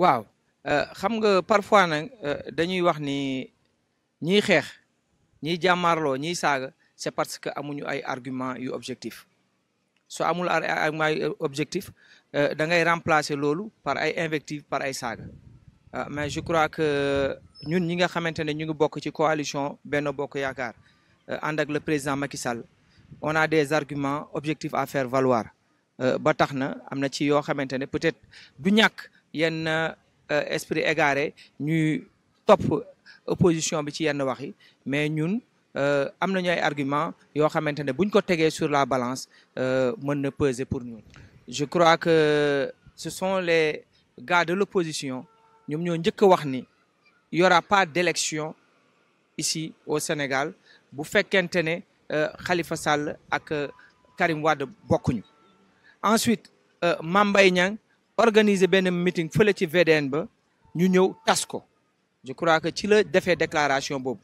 waaw euh, xam nga parfois nag euh, dañuy wax ni ñi xex ñi jamarlo ñi saga c'est parce que amuñu ay argument yu objectif so amul ay argument yu objectif euh, da ngay remplacer lolu par ay invective par ay saaga mais je crois que ñun ñi nga xamantene ñu ngi bok ci coalition Benno Bokk Yaakaar and ak le président Macky Sall on a des arguments objectifs à faire valoir ba taxna amna ci yo xamantene peut-être du ñak yenn euh, esprit égaré ñuy top opposition bi ci yenn mais nous avons des arguments argument yo xamantene ne buñ ko sur la balance euh, mën na peser pour nous je crois que ce sont les gars de l'opposition ñom ñoo njëkk wax ni y aura pas d'élection ici au Sénégal bu fekkente ne euh, Khalifa Sall ak Karim Wade ñu ensuite euh Mambay Niang organiser une meeting fële ci VDN ba ñu ñëw je crois que ci le defee déclaration Bob.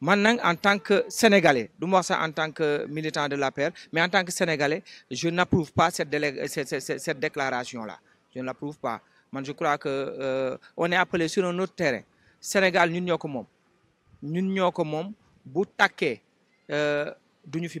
man en tant que sénégalais du en tant que militant de la paix, mais en tant que sénégalais je n'approuve pas cette cette cette déclaration là je ne l'approuve pas man je crois que euh, on est appelé sur un autre terrain Sénégal ñun sommes ko moom ñun ñoo ko moom bu tàkkee euh, duñu fi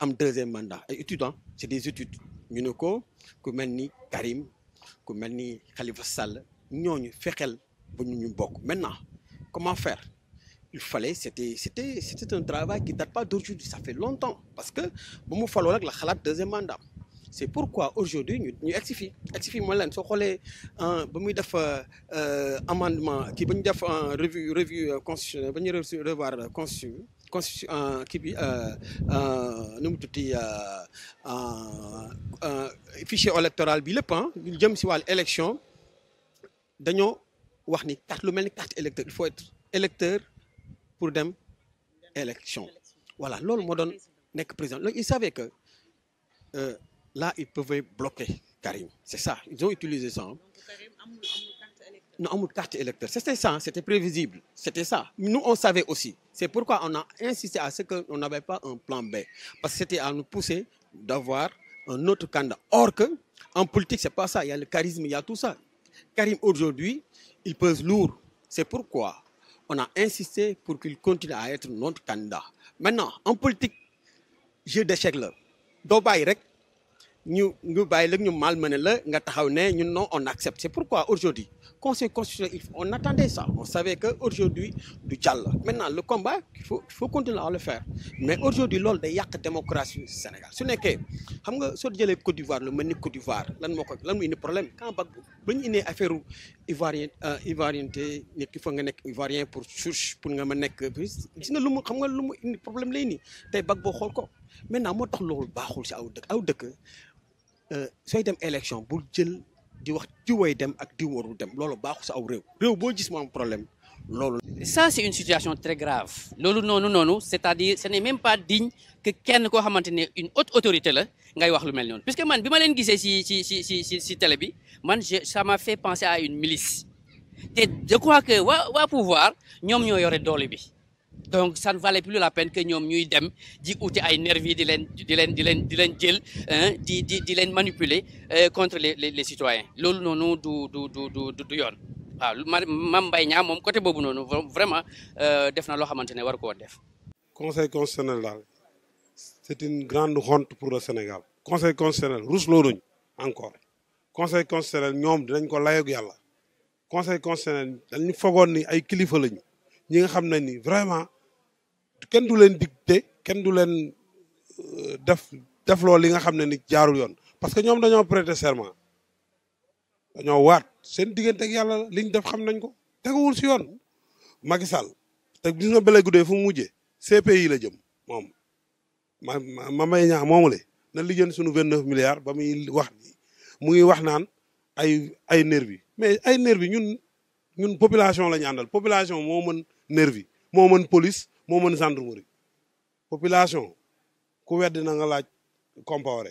am deuxième mandat ay études hein. c'est des études Karim ku Khalifa Sall maintenant comment faire il fallait c'était un travail qui date pas d'aujourd'hui, ça fait longtemps parce que nous avons que la deuxième mandat C'est pourquoi aujourd'hui nous, ñu amendement qui ba a hein, revue revue constitutionnel euh, constitution constitution kii euh, nous mu euh, un fichier électoral bi lépp ñu hein, jëm ci wal élection dañoo wax ni carte lu melni carte électeur il faut être électeur pour dem élection voilà lool mo don nek président il savait que euh, là ils pouvaient bloquer Karim c'est ça ils ont utilisé ça hein nous avons carte électeur. C'était ça, c'était prévisible. C'était ça. Nous, on savait aussi. C'est pourquoi on a insisté à ce qu'on n'avait pas un plan B. Parce que c'était à nous pousser d'avoir un autre candidat. Or que, en politique, c'est pas ça. Il y a le charisme, il y a tout ça. Karim, aujourd'hui, il pèse lourd. C'est pourquoi on a insisté pour qu'il continue à être notre candidat. Maintenant, en politique, je déchèque là. Dobaï, ñu ñu bàyyi la ñu malmené la nga taxaw ñun non on accepte c'est pourquoi aujourd'hui conseil constitutionnel on attendait ça on savait que aujourd'hui du jàll maintenant le combat il faut il faut continuer à le faire mais aujourd'hui l'ol day yak démocratie Sénégal su n'est xam nga soo le Côte d'Ivoire lu mel Côte d'Ivoire lan moo ko lan mu un problème quand ba ba ñu indee affaire ivoirien euh, ivoirien te nit ki fa nga un ivoirien pour source pour nga ma nekk gis nga lu nous, xam nga nous, mu problème lay ni. tey bag boo xool ko maintenant moo tax loolu baaxul si aw dëkk aw dëkk euh, soy dem élection bu jël di wax diwooy dem ak di warul dem loolu baxu sa aw rew rew bo gis mo am problème loolu. ça c'est une situation très grave loolu noonu noonu c'est-à-dire ce n'est même pas digne que kenn ko xamantene une haute autorité la ngay wax lu mel noonu puisque man bima len leen ci ci ci ci ci ci télé bi man je ça m'a fait penser à une milice te je crois que wa, wa pouvoir ñom ñoo yore doole bi donc ça ne valait plus la peine que ñoom ñuy dem ji outil ay nervis di len di len di len di len jël hein di di di len manipuler euh, contre les les les citoyens loolu noonu du du du du du yoon waaw mam Mbaye Niang moom côté bobu noonu vraiment euh, def na lo xamantene war ko def. conseil constitutionnel dal c'est une grande honte pour le Sénégal conseil constitutionnel rusloo nañu encore conseil constitutionnel ñom dinañ ko layoog yalla conseil constitutionnel dañ ni fogoon ni ay kilifa lañ ñi nga xam ne ni vraiment. kenn du leen te kenn du leen euh, def def loolu li nga xam ne ni jaarul yoon parce que ñoom dañoo prêter serment dañoo waat seen diggante ak yàlla liñ def xam nañ ko teguwul si yoon Macky Sall te gis nga bële guddee fu mu mujjee CPI la jëm moom ma ma may ñaax moomu le na lijjën sunu vingt neuf milliards ba muy wax mu ngi wax naan ay ay nervi mais ay nervi ñun ñun population la ñu àndal population moo mën nervi moo mën police moo mën gendarmerie population ku wedd na nga laaj Compaoré